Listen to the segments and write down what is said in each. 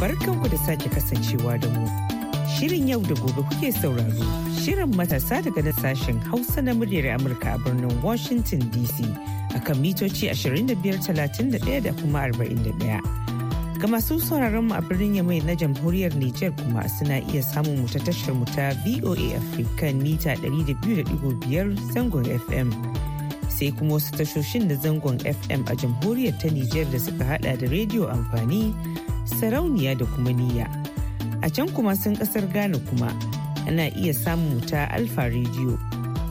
barkanku da sake kasancewa da mu. Shirin yau da gobe kuke sauraro, shirin matasa daga na sashen Hausa na muryar Amurka a birnin Washington DC akan mitoci 2531 da kuma 41. Ga masu sauraron mu a birnin Yamai na jamhuriyar Nijar kuma suna iya samun mu ta tashar mu ta VOA Africa mita 200.5 zangon FM. sai kuma wasu tashoshin da zangon fm a jamhuriyar ta nijar da suka hada da rediyo amfani sarauniya da kuma niyya. A can kuma sun kasar Ghana kuma ana iya samun ta Alfa Radio.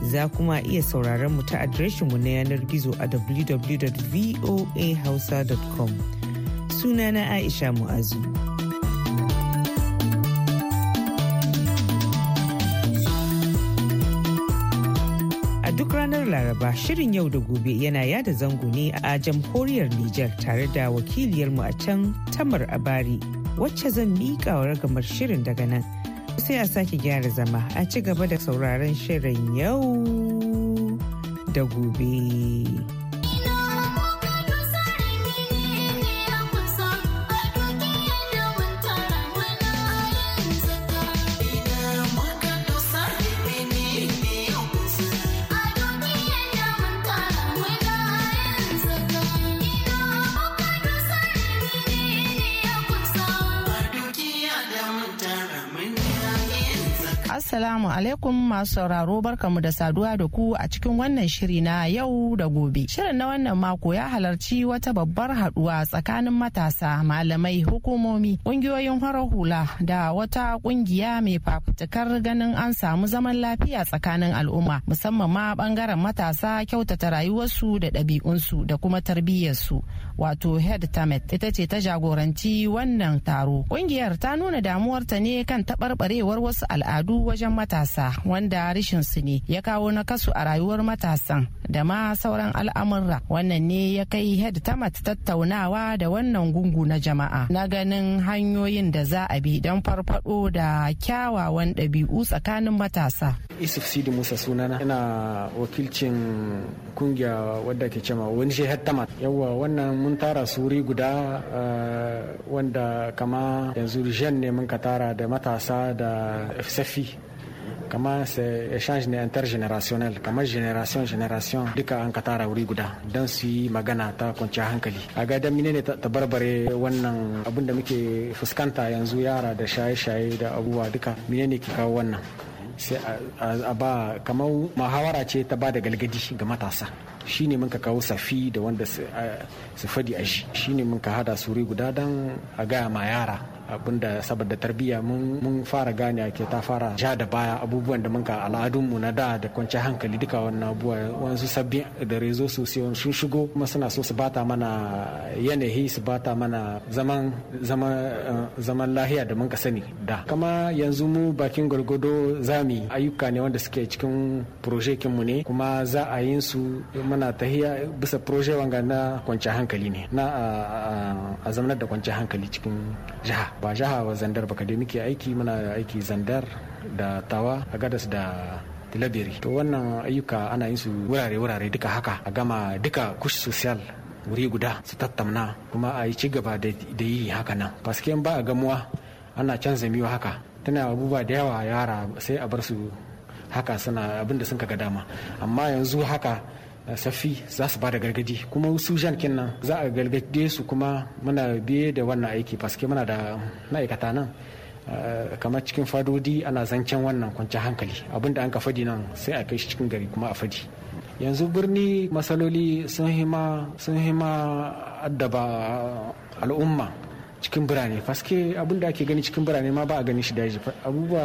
Za kuma iya sauraron mu ta adireshinmu na yanar gizo a www.voahausa.com. Sunana Aisha Mu'azu. Laraba shirin yau da gobe yana yada zango ne a jamhuriyar Nijar tare da wakiliyarmu a can Tamar Abari wacce zan miƙa wa ragamar shirin daga nan. Sai a sake gyara zama a ci gaba da sauraron shirin yau da gobe. Assalamu alaikum masu sauraro barkamu da saduwa da ku a cikin wannan shiri na yau da gobe. Shirin na wannan mako ya halarci wata babbar haduwa tsakanin matasa, malamai, hukumomi, kungiyoyin horar hula da wata kungiya mai fafutukar ganin an samu zaman lafiya tsakanin al'umma, musamman ma bangaren matasa kyautata rayuwarsu da ɗabi'unsu da kuma tarbiyyarsu. Wato Head Tamet ita ce ta jagoranci wannan taro. Kungiyar ta nuna damuwarta ne kan taɓarɓarewar wasu al'adu wajen wajen matasa wanda rashin su ne ya kawo na kasu a rayuwar matasan da ma sauran al'amurra wannan ne ya kai head tamat tattaunawa da wannan gungu na jama'a na ganin hanyoyin da za a bi don farfado da kyawawan ɗabi'u tsakanin matasa isuf sidi musa sunana yana wakilcin kungiya wadda ke cema wani shi head tamat yawwa wannan mun tara suri guda eh, wanda kama yanzu jen ne mun ka tara da matasa da safi kamar échange ne intergénérationnel kamar génération génération duka an ka tara wuri guda don su yi magana ta kwanciyar hankali a ga dan ne ta barbare wannan abin da muke fuskanta yanzu yara da shaye-shaye da abubuwa duka ne ke kawo wannan sai a ba kamar muhawara ce ta ba da galgadi ga matasa shi ne mun ka kawo safi da wanda su fadi a shi shi ne mun ka hada suri guda don a gaya ma yara abinda saboda tarbiyya mun fara gane ke ta fara ja da baya abubuwan da muka al'adunmu na da da kwanciyar hankali duka wannan abubuwa wasu sabbin da rezo sosai sun shigo kuma suna so su bata mana yanayi su bata mana zaman zaman eh, lahiya da muka sani da kama yanzu mu bakin gwargwado zami ayyuka ne wanda suke cikin projekinmu ne kuma za a yin su muna tahiya bisa proje wanga na kwanciyar hankali ne na a zamanar da kwanciyar hankali cikin jiha ba jiha ba zandar ba kadai muke aiki muna aiki zandar da tawa a gadas da tilabiri to wannan ayyuka ana yin su wurare-wurare duka haka a gama duka kush social wuri guda su tattamna kuma a yi ci gaba da yi haka nan paske ba a gamuwa ana canza miwa haka tana abubuwa da yawa yara sai a bar su haka suna abinda sun ga dama amma yanzu haka Eh, safi za su ba da gargadi kuma su jan kenan za a gargade su kuma muna biye da wannan aiki paske muna da ma'aikata nan eh, kamar cikin fadodi ana zancen wannan kwanci hankali abinda an ka fadi nan sai a kai shi cikin gari kuma a fadi yanzu birni masaloli sun hima addaba al'umma cikin birane faske abinda ake gani cikin birane ma ba a gani shi daji abubuwa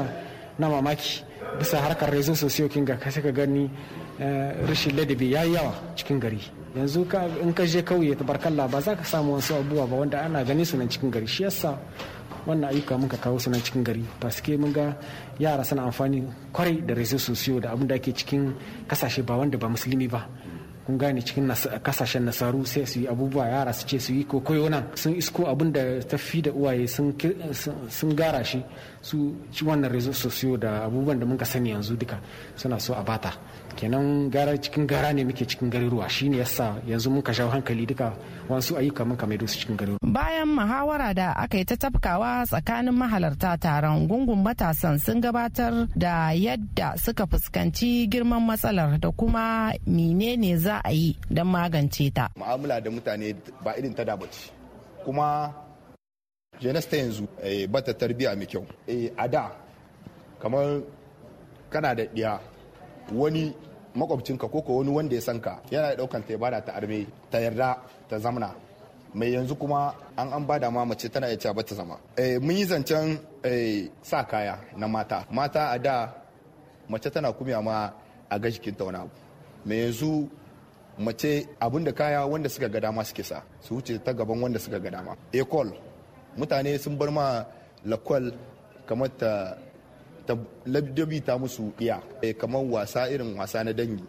na mamaki bisa harkar rezo sosiyo ga ka gani Eh, rashin ladabi ya yi yawa cikin gari yanzu in ka je kauye barkalla ba za ka samu wasu abubuwa ba wanda ana gani su nan cikin gari shi yasa wannan ayyuka muka kawo su nan cikin gari paske mun ga yara suna amfani kwarai da rezo sosiyo da abin da ake cikin kasashe ba wanda ba musulmi ba kun gane cikin kasashen nasaru sai su yi abubuwa yara su ce su yi kokoyo nan sun isko abin da tafi da uwaye sun gara shi su ci wannan rezo sosiyo da abubuwan da muka sani yanzu duka suna so a bata kenan gara cikin gara ne muke cikin garuruwa shine yasa yanzu muka shawo hankali duka wasu ayyuka muka mai su cikin garuruwa bayan muhawara da aka yi ta tafkawa tsakanin mahalarta taron gungun matasan sun gabatar da yadda suka fuskanci girman matsalar da kuma menene za a yi don magance ta mu'amala da mutane ba irin ta da kuma jenes ta yanzu eh, ba ta tarbiya mai kyau eh, a da kamar kana da ɗiya wani makwabcinka ko wani wanda ya san ka yana da ɗaukan ta bada ta arme ta yarda ta zamna mai yanzu kuma an an da ma mace tana iya ba ta zama eh, mun yi zancen sa kaya na mata mata a da mace tana kumiya ma a ga jikinta mai yanzu mace abinda kaya wanda suka ga dama suke sa su wuce ta gaban wanda suka ga dama ecole mutane sun bar ma lakwal kamar ta labdabi musu iya eh, kamar wasa irin wasa na dangi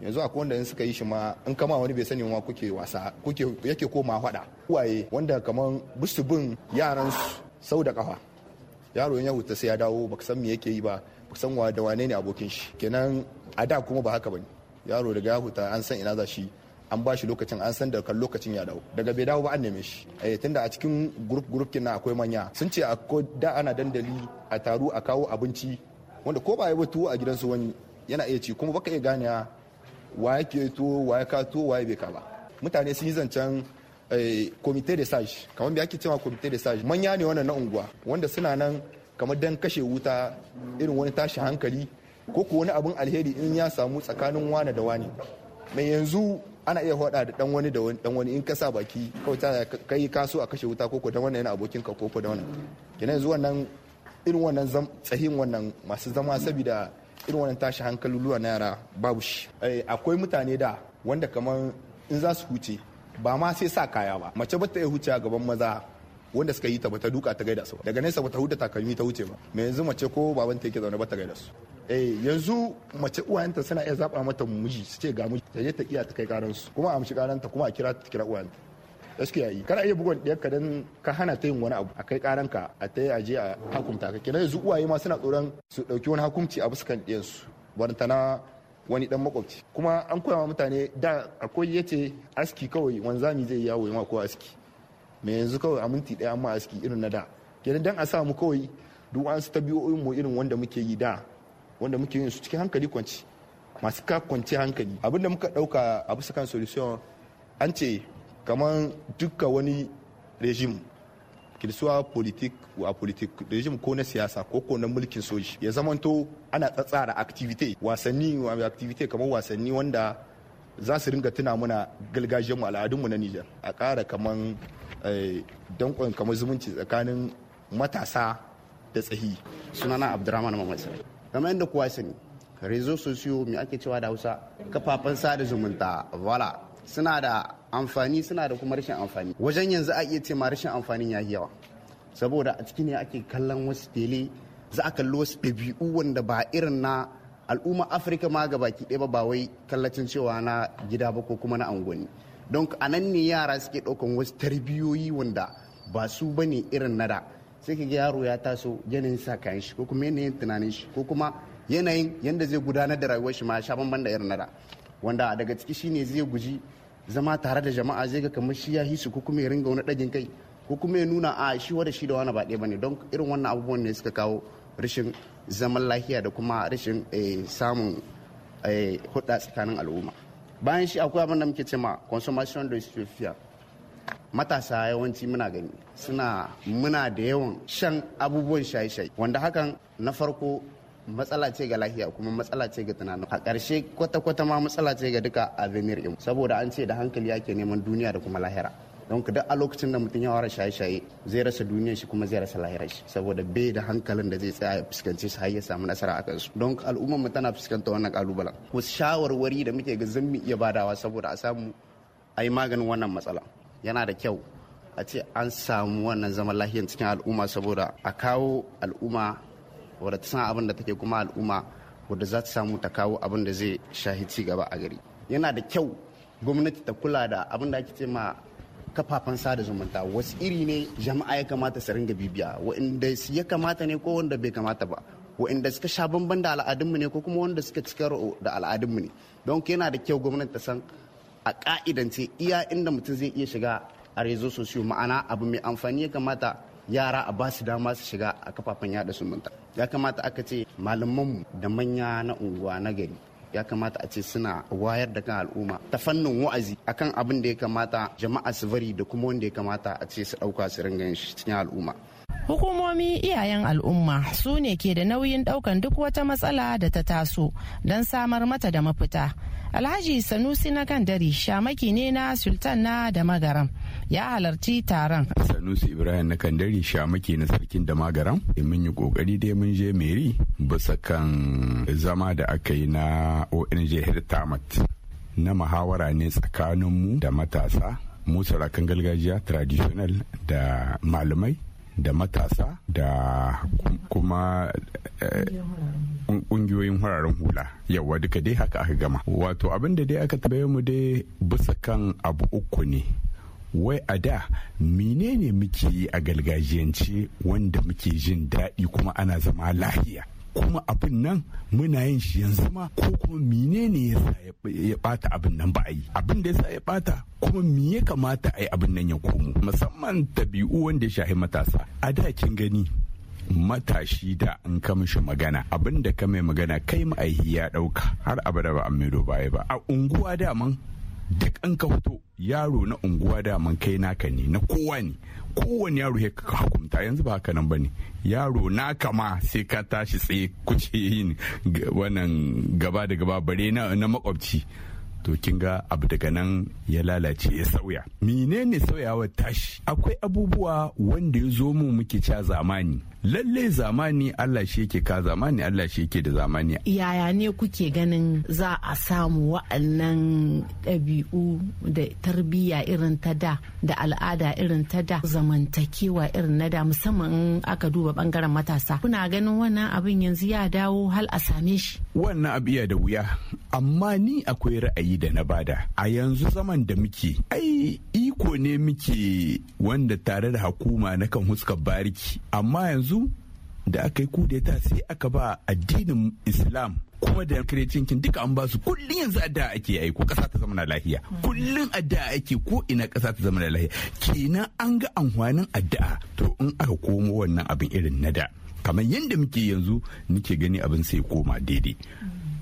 yanzu a wanda in suka yi shi ma in kama wani bai sani ma kuke wasa kuke yake koma hada waye wanda kamar bisu bin yaran sau da kafa yaro ya wuta sai ya dawo baka san me yake yi ba baka san wa da wane ne abokin shi kenan a da kuma ba haka bane yaro daga ya huta an san ina za shi an ba shi lokacin an san da kan lokacin ya dawo daga bai dawo ba an neme shi eh tunda a cikin group group kin akwai manya sun ce akwai da ana dandali a taru a kawo abinci wanda ko ba ya ba tuwo a gidansu wani yana iya ci kuma baka iya gane wa yake tuwo wa ya ka tuwo wa ya bai ka ba mutane sun yi zancen eh, comité de sage kamar ake cewa komite de sage manya ne wannan na unguwa wanda suna nan kamar dan kashe wuta irin wani tashi hankali ko ko wani abin alheri in ya samu tsakanin wane da wane mai yanzu ana iya hoda da dan wani da dan wani in ka sa baki kawai ta kai kaso a kashe wuta koko dan wannan yana abokin ka koko da wannan kenan yanzu wannan irin wannan tsahin wannan masu zama saboda irin wannan tashi hankali luwa na yara babu shi eh, akwai mutane da wanda kamar in za su huce ba ma sai sa kaya ba mace ba ta iya huce a gaban maza wanda suka yi ta bata duka ta gaida su daga nesa bata huda takalmi ta huce ba me yanzu mace ko baban ta yake zaune ta gaida su eh yanzu mace uwayenta suna iya zaba mata miji su ce ga miji ta ta iya ta kai karan su kuma a mishi karanta kuma a kira ta kira uwayenta gaske yayi kana iya bugun ka dan ka hana ta yin wani abu a kai karan ka a ta a je a hukunta ka kenan yanzu uwaye ma suna tsoron su ɗauki wani hukunci a fuskan ɗiyansu barantana wani dan makwabci kuma an koya wa mutane da akwai yace aski kawai wanzami zai yawo ya ko aski me yanzu kawai a minti ɗaya amma aski irin na da kenan dan a sa mu kawai duk an su tabi'o'in mu irin wanda muke yi da wanda muke yin su cikin hankali kwanci masu ka kwanci hankali abinda muka dauka a bisa kan solution an ce kamar duka wani rejim kirsuwa politik wa politik rejim ko na siyasa ko ko na mulkin soji ya zamanto ana tsatsara activity wasanni wa activity kamar wasanni wanda za su ringa tuna muna mu al'adun mu na Nijar a kara kamar eh, dankon kamar zumunci tsakanin matasa da tsahi sunana abdurrahman mamman kamar yadda kowa sani rezo sosiyo mai ake cewa da hausa kafafen sada zumunta vala suna da amfani suna da kuma rashin amfani wajen yanzu a iya ce ma rashin amfanin ya yawa saboda a cikin ne ake kallon wasu tele za a kalli wasu ɗabi'u wanda ba irin na al'umma afirka ma ga baki ɗaya ba wai kallacin cewa na gida ba ko kuma na angoni don a nan ne yara suke ɗaukan wasu tarbiyoyi wanda ba su bane irin na da sai ka ga yaro ya taso yanayin sa kayan shi ko kuma yanayin tunanin shi ko kuma yanayin yadda zai gudanar da rayuwar shi ma sha bamban da irin nada wanda daga ciki shine zai guji zama tare da jama'a zai ga kamar shi ya hisu ko kuma ya ringa wani dagin kai ko kuma ya nuna a shi wada shi da wani ba ɗaya don irin wannan abubuwan ne suka kawo rashin zaman lafiya da kuma rashin eh, samun eh, hudda tsakanin al'umma bayan shi akwai abin da muke ce ma da de matasa yawanci muna gani suna muna da yawan shan abubuwan shaye-shaye wanda hakan na farko matsala ce ga lahiya kuma matsala ce ga tunanin a ƙarshe kwata-kwata ma matsala ce ga duka avenir ɗin saboda an ce da hankali yake neman duniya da kuma lahira don ka duk a lokacin da mutum ya fara shaye-shaye zai rasa duniyar shi kuma zai rasa lahirar shi saboda bai da hankalin da zai tsaya ya fuskanci su har ya samu nasara a kansu don al'ummar mu tana fuskanta wannan kalubalen wasu shawarwari da muke ga zan iya badawa saboda a samu a maganin wannan matsala yana da kyau a ce an samu wannan zaman lahiyar cikin al'umma saboda a kawo al'umma wadda ta san abin da take kuma al'umma wadda za ta samu ta kawo abin da zai shahi ci gaba a gari yana da kyau gwamnati ta kula da abin da ake ce ma kafafen sada zumunta wasu iri ne jama'a ya kamata su ringa bibiya wanda ya kamata ne ko wanda bai kamata ba wanda suka sha bamban da al'adunmu ne ko kuma wanda suka cika da al'adunmu ne don yana da kyau gwamnati ta san a ka'idance iya inda mutum zai iya shiga a rezo sosiyo ma'ana abu mai amfani ya kamata yara a ba su dama su shiga a kafafen yada zumunta ya kamata aka ce malamanmu da manya na unguwa na gari ya kamata a ce suna wayar da kan al'umma ta fannin wa'azi akan abin da ya kamata jama'a su bari da kuma wanda ya kamata a ce su ɗauka su ringa shi cikin al'umma Hukumomi iyayen al'umma su ne ke da nauyin ɗaukan duk wata matsala da ta taso don samar mata da mafita alhaji sanusi na kandari shamaki ne na sultan na da magaram ya halarci taron sanusi ibrahim na kandari shamaki na sarkin da magaram eh, mun yi kokari dai mun je meri bisa kan zama da aka yi na ong hirtamat na muhawara ne tsakaninmu da matasa mu sarakan gargajiya traditional da malamai da matasa da kuma eh, kungiyoyin wuraren hula yawa duka dai haka aka gama wato abin da dai aka tambaye mu dai bisa kan abu uku ne wai a da menene muke yi a galgajiyance wanda muke jin daɗi kuma ana zama lahiya kuma abin nan muna yin shi yanzu ma ko kuma menene yasa ya bata abin nan ba a yi abin da yasa ya bata kuma me ya kamata a yi abin nan ya komo musamman tabi'u wanda ya shahi matasa a da kin gani matashi da an kamshi magana abin da ka mai magana kai ma'aihi ya ɗauka har abada ba an ba baya ba a unguwa daman duk an ka fito yaro na unguwa daman kai naka ne na kowa ne kowane yaro ya ka hukunta yanzu ba haka nan ba ne yaro na kama sai ka tashi tsaye kuce yin wannan gaba da gaba bare na makwabci to kin ga abu daga nan ya lalace ya sauya menene sauyawar tashi akwai abubuwa wanda ya zo mu muke ca zamani lallai zamani Allah shi yake ka zamani Allah shi yake da zamani yaya ne kuke ganin za a samu wa'annan ɗabi'u da tarbiyya irin ta da da al'ada irin ta da zamantakewa irin na da musamman aka duba bangaren matasa kuna ganin wannan abin yanzu ya dawo hal a same shi wannan abu da wuya amma ni akwai ra'ayi da na bada a yanzu zaman da muke ai iko ne muke wanda tare da hukuma na kan huskar bariki amma yanzu yanzu da aka yi kudeta sai aka ba addinin islam kuma da kirecincin duka an ba su kullum yanzu addu'a ake yi ko kasa ta zama na lahiya kullum addu'a ake ko ina kasa ta zama na lahiya kenan an ga amfanin addu'a to in aka komo wannan abin irin na da kamar yadda muke yanzu nike gani abin sai koma daidai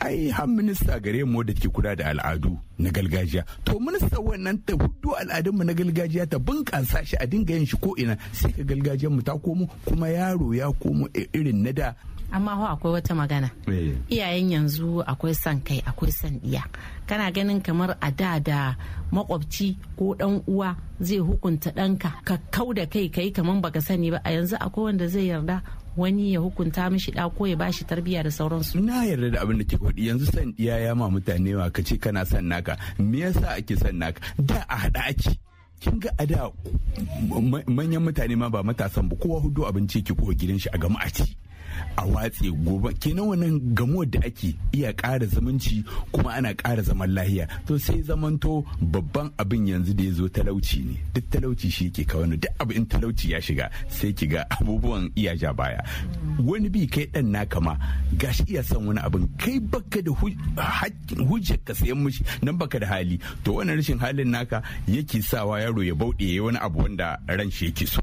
ai har minista gare mu da ke kula da al'adu na gargajiya to minista wannan ta hudu al'adun mu na gargajiya ta bunƙasa shi a dinga yin shi ko ina sai ka gargajiyar mu ta komo kuma yaro ya komo irin na da amma ho akwai wata magana eh. iyayen yanzu akwai san kai akwai san ɗiya kana ganin kamar a da da makwabci ko dan uwa zai hukunta ɗanka ka kau da kai kai kamar baka sani ba a yanzu akwai wanda zai yarda wani ya hukunta mishi da ko ya bashi tarbiyya da sauransu. Na yarda da abin da ke faɗi yanzu san iya ya ma mutane ma kace kana san naka me yasa ake san naka da a hada ake. kin ga a da manyan mutane ma ba matasan ba kowa hudu abinci ke ko gidan shi a gama a ci. a watse gobe kenan wannan gamuwar da ake iya kara zumunci kuma ana kara zaman lahiya to sai zamanto babban abin yanzu da ya zo talauci ne duk talauci shi ke wani duk abu in talauci ya shiga sai ki ga abubuwan iya ja baya wani bi kai dan naka ma gashi iya son wani abin kai baka da hujjar ka sayan mishi nan baka da hali to wannan rashin halin naka yake sawa yaro ya bauɗe wani abu wanda ran shi yake so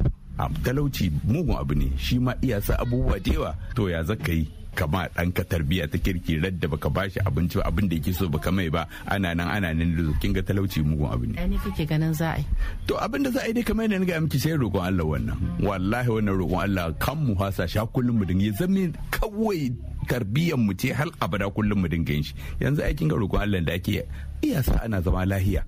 talauci mugun abu ne shi ma iya sa abubuwa da yawa to ya zaka yi kama ɗanka tarbiyya ta kirki da baka bashi abinci ba abin da yake so baka mai ba ana nan ana nan da kin ga talauci mugun abu ne ne kake ganin za a yi to abin da za a yi dai kamar yadda ga miki sai roƙon Allah wannan wallahi wannan roƙon Allah kan mu hasa sha kullum mu dinga zame kawai tarbiyyar mu ce hal abada kullum mu dinga yin shi yanzu aikin ga roƙon Allah da ake iya sa ana zama lahiya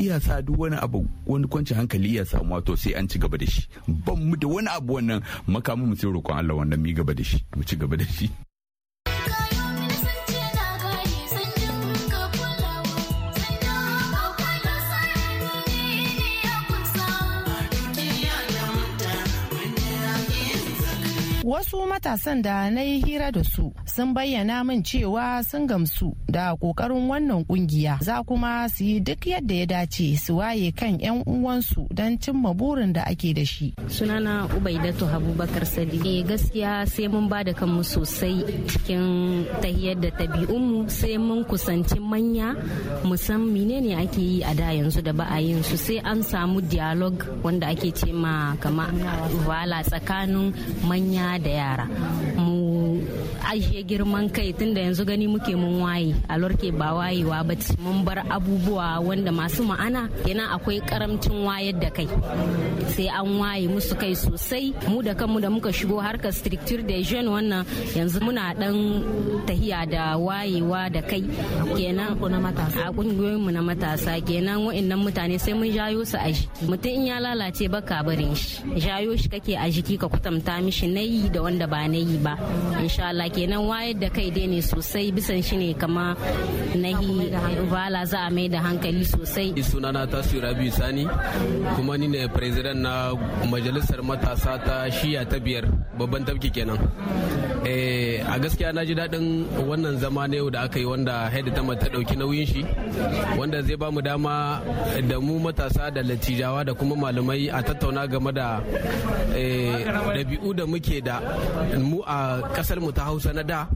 iya sa duk wani abu wani kwanci hankali iya samuwa to sai an ci gaba da shi ban mu da wani abu wannan makamin mu sai roƙon Allah wannan mu gaba da shi mu ci gaba da shi Wasu matasan da na yi hira da su sun bayyana min cewa sun gamsu da kokarin wannan kungiya za kuma su yi duk yadda ya dace su waye kan 'yan uwansu don cimma burin da ake da shi sunana ubaidatu habubakar sadi eh, gaskiya sai mun ba da kanmu sosai cikin tahiyar da tabi'unmu sai mun kusanci manya musan menene ake yi a da yanzu da ba a yin su sai an samu dialog wanda ake ce ma kama wala tsakanin manya da yara mu ajiye girman kai tun da yanzu gani muke mun waye a lorke ba wayewa ba mun bar abubuwa wanda masu ma'ana yana akwai karamcin wayar da kai sai an waye musu kai sosai mu da kanmu da muka shigo harkar structure da jeune wannan yanzu muna dan tahiya da wayewa da kai kenan a mu na matasa kenan wa'annan mutane sai mun jayo su a jiki mutum in ya lalace baka barin shi jayo shi kake a jiki ka kwatanta mishi nayi da wanda ba na yi ba insha Allah kenan wayar da kai dai ne sosai bisan shi ne kama nahi bala za a mai da hankali sosai sunana tasu rabi sani kuma ni ne president na majalisar matasa ta shiya ta biyar babban tafki kenan eh a gaskiya na ji daɗin wannan zama na yau da aka yi wanda head ta ta ɗauki nauyin shi wanda zai ba mu dama da mu matasa da latijawa da kuma malamai a tattauna game da eh, ɗabi'u da muke da mu a ƙasar mu ta hausa na da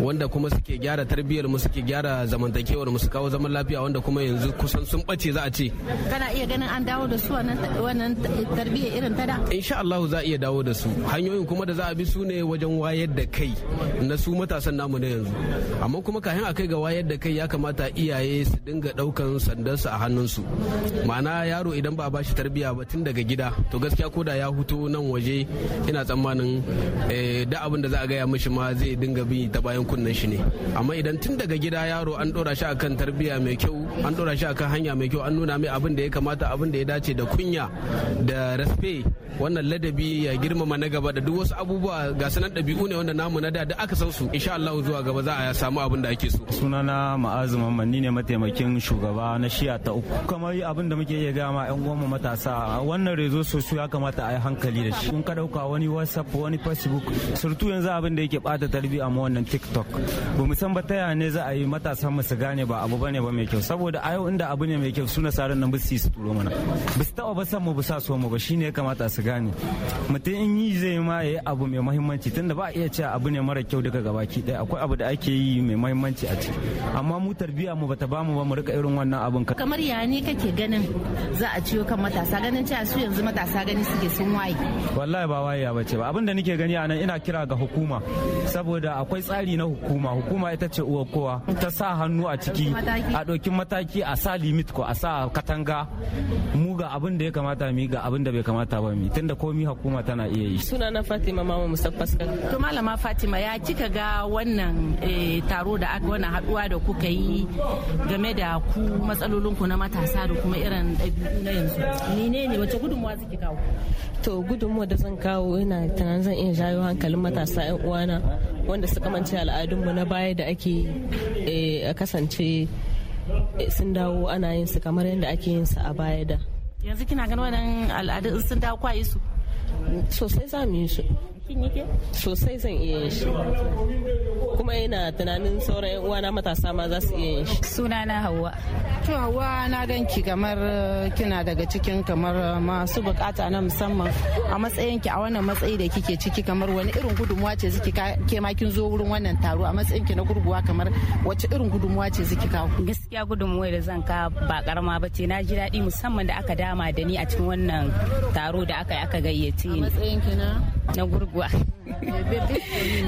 wanda kuma suke gyara tarbiyyar mu suke gyara zamantakewar mu su kawo zaman lafiya wanda kuma yanzu kusan sun bace za a ce kana iya ganin an dawo da su wannan tarbiyyar irin ta da insha Allah za a iya dawo da su hanyoyin kuma da za a bi su ne wajen wayar da kai na su matasan namu na yanzu amma kuma kayan akai kai ga wayar da kai ya kamata iyaye su dinga daukan sandarsu a hannunsu ma'ana yaro idan ba a bashi tarbiya ba tun daga gida to gaskiya ko da ya huto nan waje ina tsammanin eh, da abin da za a gaya mishi ma zai dinga bi ta bayan kunnen shi ne amma idan tun daga gida yaro an dora shi akan tarbiya mai kyau an dora shi akan hanya mai kyau an nuna mai abin da ya kamata abin da ya dace da kunya da respect wannan ladabi ya girmama na gaba da duk wasu abubuwa ga sanan ɗabi'u ne wanda namu na da da aka san su insha Allah zuwa gaba za a samu abin da ake so sunana ma'azu mamanni ne mataimakin shugaba na shiya ta uku kamar abin da muke iya gaya ma yan goma matasa wannan rezo su ya kamata a yi hankali da shi kun ka dauka wani whatsapp wani facebook surtu yanzu abin da yake bata tarbiya ma wannan tiktok ba mu san ba ta ne za a yi matasan mu su gane ba abu bane ba mai kyau saboda a yau inda abu ne mai kyau suna sarin nan bisu su turo mana ba su taba ba san mu ba sa so mu ba shine ya kamata su gane mutum in yi zai ma yi abu mai muhimmanci tunda ba a iya cewa abu ne mara mara kyau daga gabaki daya akwai abu da ake yi mai mahimmanci a ciki amma mu tarbiya mu bata bamu ba mu rika irin wannan abun ka kamar ya ne kake ganin za a ciyo kan matasa ganin cewa su yanzu matasa gani suke sun waye wallahi ba waye ba ce ba abin da nake gani anan ina kira ga hukuma saboda akwai tsari na hukuma hukuma ita ce uwar kowa ta sa hannu a ciki a ɗauki mataki a sa limit ko a sa katanga mu ga abin da ya kamata mu ga abin da bai kamata ba mu tunda komi hukuma tana iya yi sunana Fatima Mama Mustapha to malama Fatima ya kika ga wannan eh, taro da aka wannan haduwa da kuka yi game da ku matsalolinku na matasa da kuma irin ɗabi'u na yanzu ne ne wace gudunmuwa suke kawo to gudunmuwa da zan kawo ina tunanin zan iya jayo hankalin matasa yan uwana wanda suka mance al'adunmu na baya da ake eh, kasance eh, sun dawo ana yin su kamar yadda ake yin su a baya da yanzu kina ganin wannan al'adun sun dawo kwaye su sosai za mu yi su sosai zan iya yin shi kuma ina tunanin sauran uwa na matasa ma za su iya yin shi suna na hawa to hawa na ganki kamar eh, kina daga cikin kamar eh, masu bukata na musamman a matsayin ki a wannan matsayi da kike ciki kamar wani irin gudunmuwa ce ziki ke ma kin zo wurin wannan taro a matsayin ki na gurguwa kamar wace irin gudunmuwa ce ziki kawo gaskiya gudunmuwa da zan ka ba karama ba ce na ji daɗi musamman da aka dama da ni a cikin wannan taro da aka yi aka gayyace ni na gurguwa. kuwa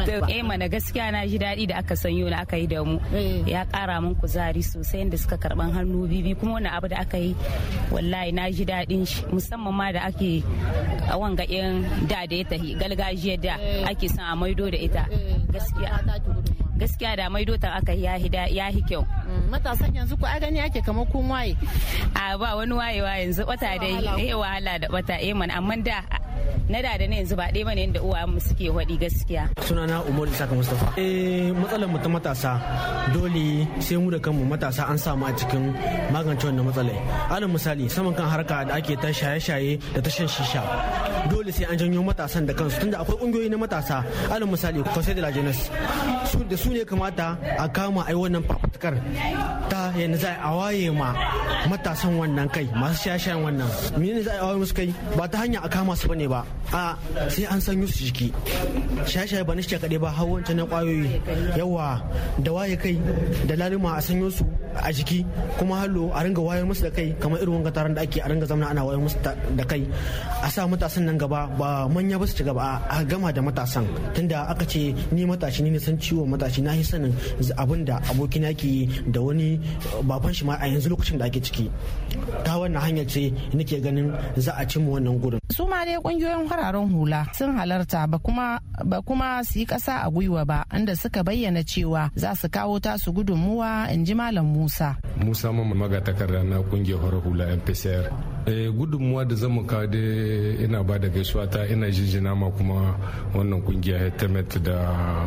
to eh gaskiya na ji daɗi da aka sanyo na aka yi da mu eh. ya ƙara min kuzari sosai da suka karban hannu bibi kuma wani abu da aka yi wallahi na ji daɗin shi musamman ma da ake a wanga ɗin da da ya tahi galgajiyar da eh. ake son a maido da ita eh. gaskiya gaskiya da maido ta aka yi ya hi kyau Mm, matasan yanzu ku a gani ake kamar kun waye a ba wani wayewa yanzu wata dai eh wahala da wata eh man amma da na da da na yanzu ba dai bane inda uwa mu suke waɗi gaskiya sunana Umar Isa ka Mustafa eh matsalar mu ta matasa dole sai mu da kanmu matasa an samu a cikin magance wannan matsalar alal misali saman kan harka da ake ta shaye-shaye da ta shan shisha dole sai an janyo matasan da kansu tunda akwai kungiyoyi na matasa alal misali Conseil de la Jeunesse su da su ne kamata a kama ai wannan fafutukar ta yanzu za a waye ma matasan wannan kai masu shashen wannan mini za a waye musu kai ba ta hanya a kama su bane ba a sai an sanyo su jiki shashaye ba na shi kaɗai ba hawan wancan na kwayoyi yawa da waye kai da laluma a sanyo su a jiki kuma hallo a ringa waye musu da kai kamar irin wanga taron da ake a ringa zama ana waye musu da kai a sa matasan nan gaba ba manya ba su ci gaba a gama da matasan tunda aka ce ni matashi ni san ciwo matashi na yi sanin abin da abokina ke da wani baban shi ma a yanzu lokacin da ake ciki ta wannan hanyar ce nake ganin za a cimma wannan gurin su ma dai kungiyoyin hararen hula sun halarta ba kuma ba kuma su yi kasa a gwiwa ba inda suka bayyana cewa za su kawo tasu gudunmuwa in ji malam musa musa mamman magatakarda na kungiyar hula mpcr Eh, gudunmuwa da zan ka da ina ba da gaisuwa ta ina jinjina ma kuma wannan kungiya hetemet da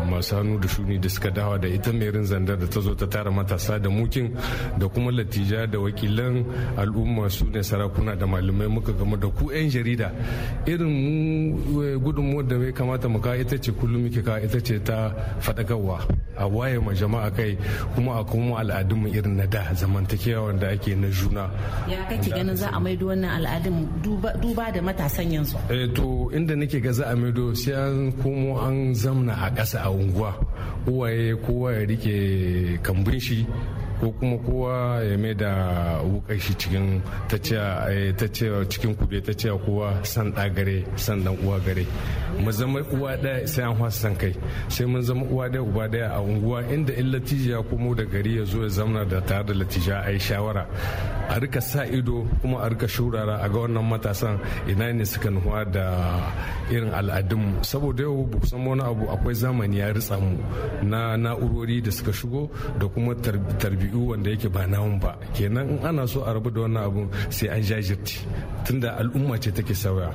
masu hannu da shuni da suka dawa da ita merin zandar da ta zo ta tara matasa da mukin da kuma latija da wakilan al'umma su ne sarakuna da malamai muka gama da ku 'yan jarida irin mu eh, gudunmuwa da bai kamata mu ka ita ce kullum muke ka ita ce ta faɗakarwa a waye ma jama'a kai kuma a kuma al'adunmu irin na da zamantakewa da ake na juna ya kake ganin za a maido wannan al'adun duba da matasan yanzu eh to inda nake gaza za a maido sai an komo an zamna a ƙasa a unguwa uwaye kowa ya rike kambun shi ko kuma kowa ya mai da wukar shi cikin ta cewa eh, cikin kube ta cewa kowa san ɗa gare san dan uwa gare mu zama uwa ɗaya sai an hwasa san kai sai mun zama uwa ɗaya uba ɗaya a unguwa inda in latija ya komo da gari ya zo ya zamana da tare da latija a yi shawara a rika sa ido kuma a rika shurara a ga wannan matasan ina ne suka nuhuwa da irin al'adunmu saboda yau ba san wani abu akwai zamani ya ritsa mu na na'urori da suka shigo da kuma tarbi. ɗabi'u wanda yake ba namun ba kenan in ana so a rabu da wannan abun sai an jajirce tunda al'umma ce take sauya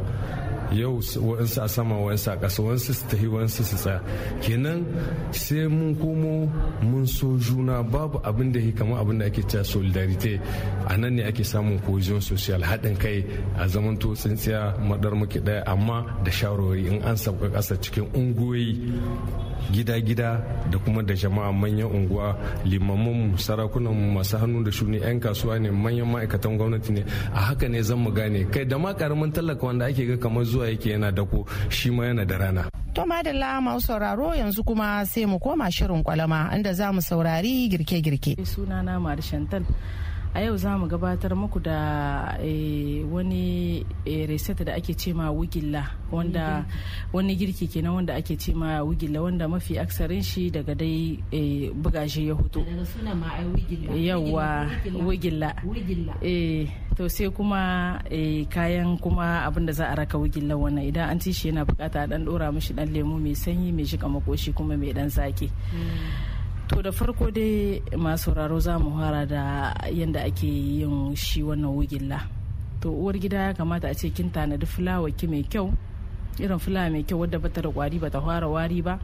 yau wa'insu a sama wa'insu a ƙasa wa'insu su tahi wa'insu su tsaya kenan sai mun komo mun so juna babu abin da kamar abin da ake cewa solidarite a nan ne ake samun cohesion social haɗin kai a zaman to tsintsiya madar muke ɗaya amma da shawarwari in an sauka ƙasa cikin ungoyi gida-gida da kuma da jama'a manyan unguwa limamanmu sarakunanmu masu hannu da shuni 'yan kasuwa ne manyan ma'aikatan gwamnati ne a haka ne zan mu gane kai da ma karamin tallaka wanda ake ga kamar zuwa zuwa yake yana dako shi ma yana da rana to madalla masu sauraro yanzu kuma sai mu koma shirin kwalama inda za mu saurari girke-girke sunana marishantan a yau za mu gabatar muku da eh, wani eh, reset da ake ce ma wigilla wanda wani girki kenan wanda ake ce ma wigilla wanda mafi aksarin shi daga dai eh, buga ya hutu yawa wigilla to sai kuma kayan kuma abin da za a raka wigilla wannan idan an ci shi yana bukata dan dora mishi dan lemu mai sanyi mai shiga makoshi kuma mai dan zaki. Hmm. to da farko dai masu raro za mu fara da yadda ake yin shi wannan wugilla to uwar gida ya kamata a ce kin tanadi fulawa ki mai kyau irin fulawa mai kyau wadda bata da kwari bata fara wari ba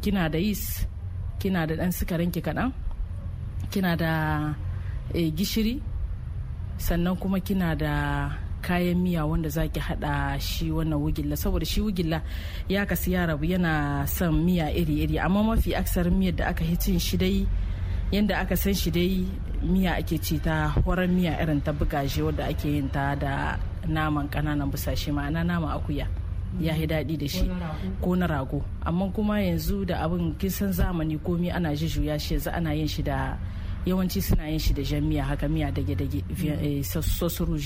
kina da yis kina da dan sukarin ki kaɗan kina da eh, gishiri sannan kuma kina da kayan miya wanda zaki haɗa shi wannan wugilla saboda shi wugilla ya kasu ya rabu yana son miya iri-iri amma mafi aksar miyar da aka hicin shi dai yadda aka san shi dai miya ake ci ta horon miya irin ta bugaje wadda ake yin ta da naman kananan busashe ma'ana nama akuya ya yi daɗi da shi ko na rago amma kuma yanzu da abin kisan zamani komi ana jujjuya shi yanzu ana yin shi da yawanci suna yin shi da jan miya haka miya dage-dage mm. eh, sosoro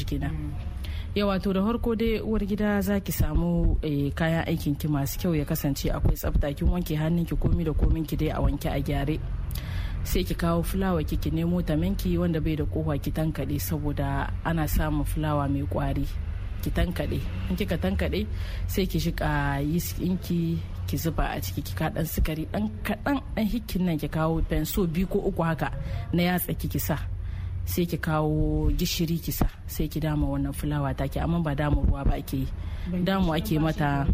yawa to da harko dai uwar gida za ki samu eh, kayan aikin ki masu kyau ya kasance akwai tsafta kin wanke hannun ki komi da komin ki dai a wanke a gyare sai ki kawo fulawa ki ki nemo minki wanda bai da kowa ki tankaɗe saboda ana samun fulawa mai kwari ki tankaɗe in kika tankaɗe sai ki shiga yeast ɗinki ki zuba a ciki ki ka dan sukari dan kaɗan dan hikkin nan ki kawo so biyu ko uku haka na yatsa ki sa sai ki kawo gishiri ki sa sai ki dama wannan fulawa take amma ba dama ruwa ba ake yi damu ake mata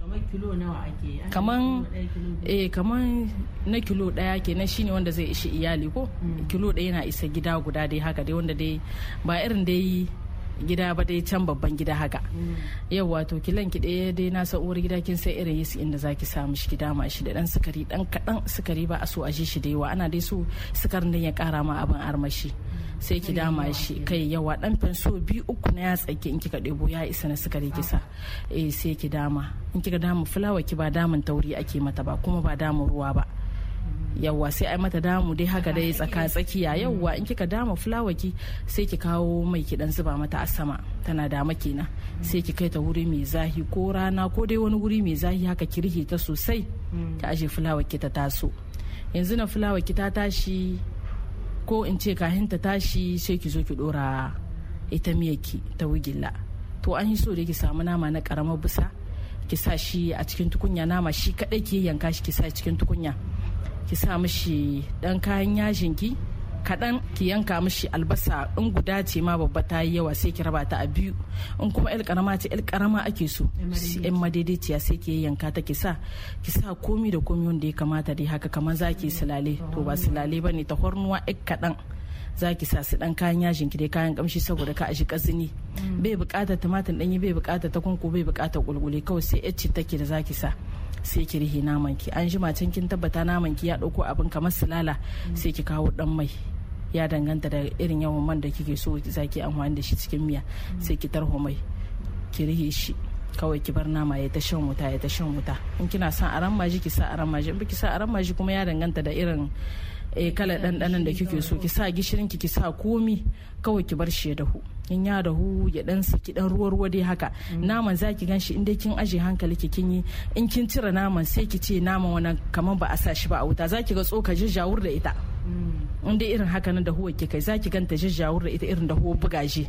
kaman eh kaman na kilo daya kenan shine wanda zai ishi iyali ko mm. kilo daya yana isa gida guda dai haka dai wanda dai ba irin dai gida ba dai can babban gida haka mm. yau wato kilan ki ɗaya dai na sa'uwar gida kin sai irin yisi inda zaki samu shi gida ma shi da dan sukari dan kadan sukari ba a so a shi da yawa ana dai so sukarin da ya kara ma abin armashi mm. sai ki dama shi kai yawa dan fenso biyu uku na ya tsaki in kika ɗebo ya isa na sukari kisa eh sai ki dama in kika dama fulawa ki ba damun tauri ake mata ba kuma ba damun ruwa ba yawwa sai ai mata damu dai haka dai tsaka tsakiya yawwa in kika dama fulawa ki sai ki kawo mai ki dan zuba mata a sama tana dama kenan sai ki kai ta wuri mai zahi ko rana ko dai wani wuri mai zahi haka ki rike ta sosai ta aje fulawa ki ta taso yanzu na fulawa ki ta tashi ko in ce kahin ta tashi sai ki zo ki dora ita ki ta wigila to an yi so da ki samu nama na karamar busa ki sa shi a cikin tukunya nama shi kadai ki yanka shi ki sa cikin tukunya ki sa mishi dan kayan yajin ki kaɗan ki yanka mishi albasa in guda ce ma babba ta yi yawa sai ki raba ta a biyu in kuma yar karama ce yar karama ake so yan madaidaiciya sai ki yanka ta ki sa ki sa komi da komi wanda ya kamata dai haka kamar za ki silale to ba silale ba ne ta hornuwa yar kaɗan za ki sa su dan kayan yajin ki dai kayan kamshi saboda ka aji ƙazini. kazini mm. bai buƙatar tumatir danyi bai ta takunku bai buƙatar kulkuli kawai sai yacce take da za ki sa sai ki rihe naman ki an jima can kin tabbata naman ki ya dauko abin kamar silala mm. sai ki kawo dan mai ya danganta da irin yawan man da kike so za ki amfani da shi cikin miya sai ki tarho mai ki rihe shi kawai ki bar nama ya ta shan wuta ya ta shan wuta in kina son aran maji ki sa aran maji in biki sa aran maji kuma ya danganta da irin eh kalar ɗanɗanon da kike so ki sa gishirin ki sa komi kawai ki bar shi ya dahu in ya dahu ya dan saki dan ruwa ruwa dai haka naman zaki ganshi in dai kin aje hankali ki kin yi in kin cire naman sai ki ce naman wannan kamar ba a sa shi ba a wuta zaki ga tsoka jajjawur da ita in dai irin haka nan da huwa ke kai zaki ganta jajjawur da ita irin da huwa shi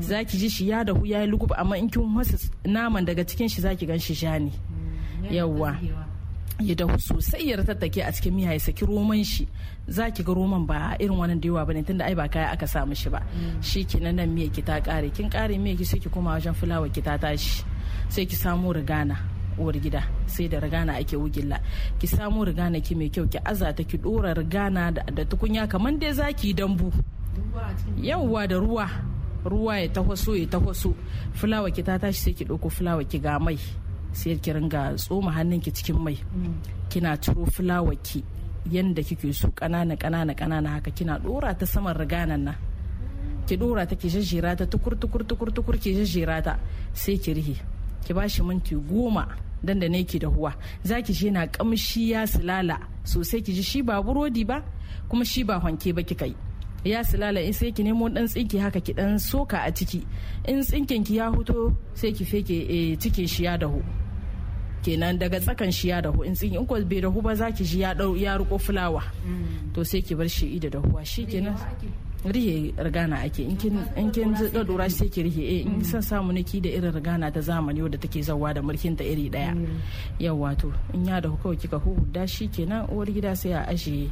zaki ji shi ya da huwa yayi lugub amma in kin wasu naman daga cikin shi zaki gan shi ja ne hmm, yawwa ya dahu sosai ya tattake a cikin miya ya saki roman shi zaki ga roman ba irin wannan da yawa bane tunda ai ba kaya aka samu hmm. shi ba shi ki nan nan miya ki ta kare kin kare miya ki sai ki koma wajen fulawa ki ta tashi sai ki samu rigana uwar gida sai da rigana ake wugilla ki samu rigana ki mai kyau ki azata ki dora rigana da tukunya kamar dai zaki dambu yauwa da ruwa ruwa ya tahwaso ya tahwaso fulawa ki ta tashi sai ki ɗauko fulawa ki ga mai sai ki ringa tsoma ki cikin mai kina ciro fulawa ki yanda kike so ƙanana ƙanana ƙanana haka kina ɗora ta saman riganan nan ki dora ta ki jajjera ta tukur tukur tukur tukur ki jajjera ta sai ki rihe ki bashi minti goma dandane da huwa zaki ji na kamshi ya sulala sosai ki ji shi ba burodi ba kuma shi ba hanke ba kika yi ya sulala in sai ki nemo dan tsinki haka ki dan soka a ciki in tsinkin ki ya huto sai ki feke eh, cikin shi ya dahu kenan daga tsakan shi ya dahu in tsinki in ko bai dahu ba zaki ji ya ya riko fulawa mm. to sai ki bar shi da dahuwa shi kenan rihe rigana ake in kin dora shi take rihe eh in san samu niki da irin rigana ta zamani wadda take zawa da mulkin ta iri daya yau wato in ya da kawai kika da shi kenan uwar gida sai a ashe.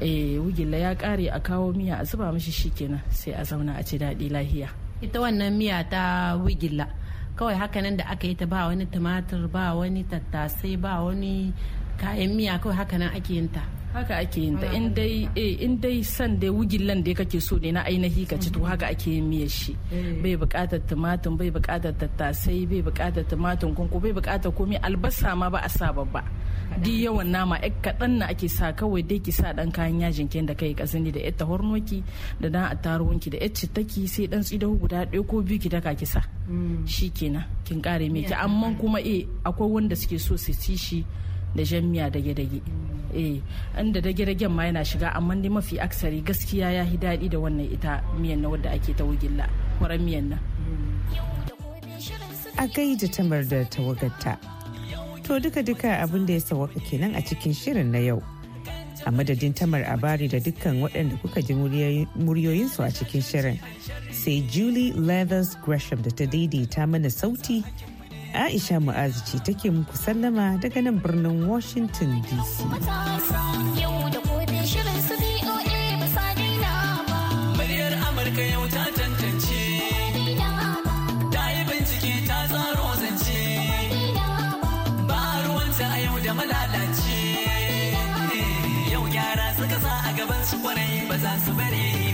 eh wugilla ya kare a kawo miya a zuba mishi shi kenan sai a zauna a ci daɗi lahiya ita wannan miya ta wigila kawai hakanan da aka yi ta ba wani tumatir ba wani tattasai ba wani kayan miya kawai hakanan ake yin ta haka ake yin ta eh, in dai san dai wugillan da kake so ne na ainihi ka ci to haka ake yin miyar shi eh. bai bukatar tumatir bai bukatar tattasai bai bukatar tumatir kunku bai bukatar komai albasa ma ba a sa babba di yawan nama ɗan kaɗan na ake sa kawai dai ki sa ɗan kayan yajin ken da kai kasani da ita hornoki da dan attarugunki da ita taki sai dan tsidahu guda ɗaya ko biyu ki daka ki sa mm. kenan kin kare me ki amma kuma eh akwai wanda suke so su ci shi da jan miya dage-dage eh inda dage-dagen ma yana shiga amma ne mafi aksari gaskiya ya yi daɗi da wannan ita miyan na wadda ake ta kwaran miyan nan a da tamar da tawagarta to duka-duka abin da ya sawaka kenan a cikin shirin na yau a madadin tamar abari da dukkan waɗanda kuka ji muryoyinsu a cikin shirin sai julie leathers gresham da ta daidaita mana sauti Aisha Mu'azu ce take muku sallama daga nan birnin Washington DC. Muryar Amurka yau ta tantance, ta yi bincike ta tsaro zance, ba ruwanta a yau da malalace. Yau gyara suka sa a gaban su kwarai ba za su bare.